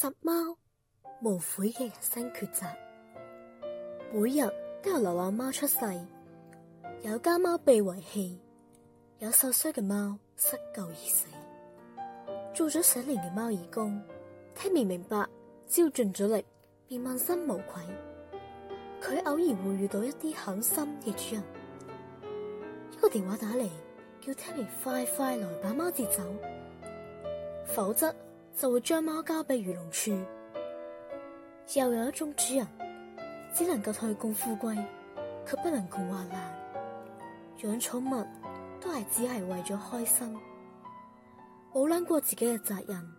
拾貓，無悔嘅人生抉擇。每日都有流浪貓出世，有家貓被遺棄，有受傷嘅貓失救而死。做咗十年嘅貓義工，Tammy 明白，只要盡咗力，便問心無愧。佢偶然會遇到一啲狠心嘅主人，一個電話打嚟，叫 Tammy 快快來把貓接走，否則。就會將貓交俾漁農處。又有一種主人，只能夠同佢共富貴，卻不能共患難。養寵物都係只係為咗開心，冇諗過自己嘅責任。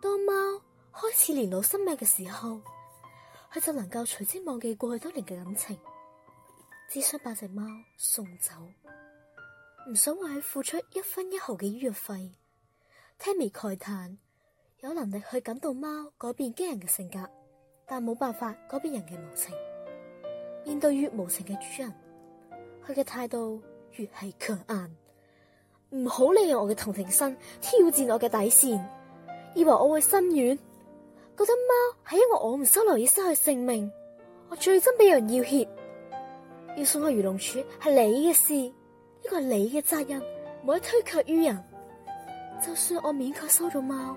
當貓開始年老生命嘅時候，佢就能夠隨之忘記過去多年嘅感情，只想把隻貓送走，唔想為佢付出一分一毫嘅醫藥費。聽微慨嘆，有能力去感動貓，改變驚人嘅性格，但冇辦法改變人嘅無情。面對於無情嘅主人，佢嘅態度越係強硬。唔好利用我嘅同情心挑戰我嘅底線，以為我會心軟。嗰隻貓係因為我唔收留而失去性命，我最憎俾人要挾。要送去漁農處係你嘅事，呢、呢個係你嘅責任，唔可以推卻於人。就算我勉強收咗貓，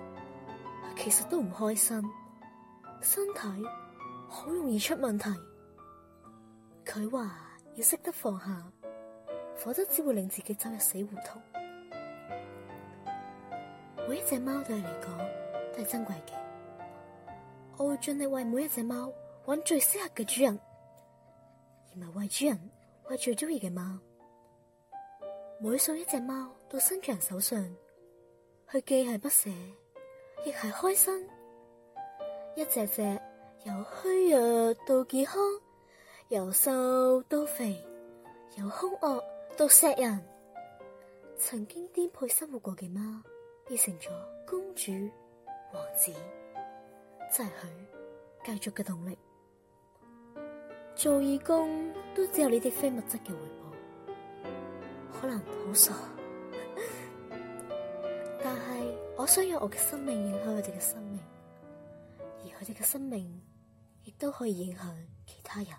其實都唔開心，身體好容易出問題。佢話要識得放下，否則只會令自己走入死胡同。每一隻貓對你嚟講都係珍貴嘅，我會盡力為每一隻貓揾最適合嘅主人，而唔係為主人揾最中意嘅貓。每送一隻貓到新主人手上，佢既係不捨，亦係開心。一隻隻由虛弱到健康，由瘦到肥，由凶惡到錫人，曾經顛沛生活過嘅貓，變成咗公主王子，真係佢繼續嘅動力。做義工都只有呢啲非物質嘅回報，可能好傻。我想要我嘅生命影響佢哋嘅生命，而佢哋嘅生命亦都可以影響其他人。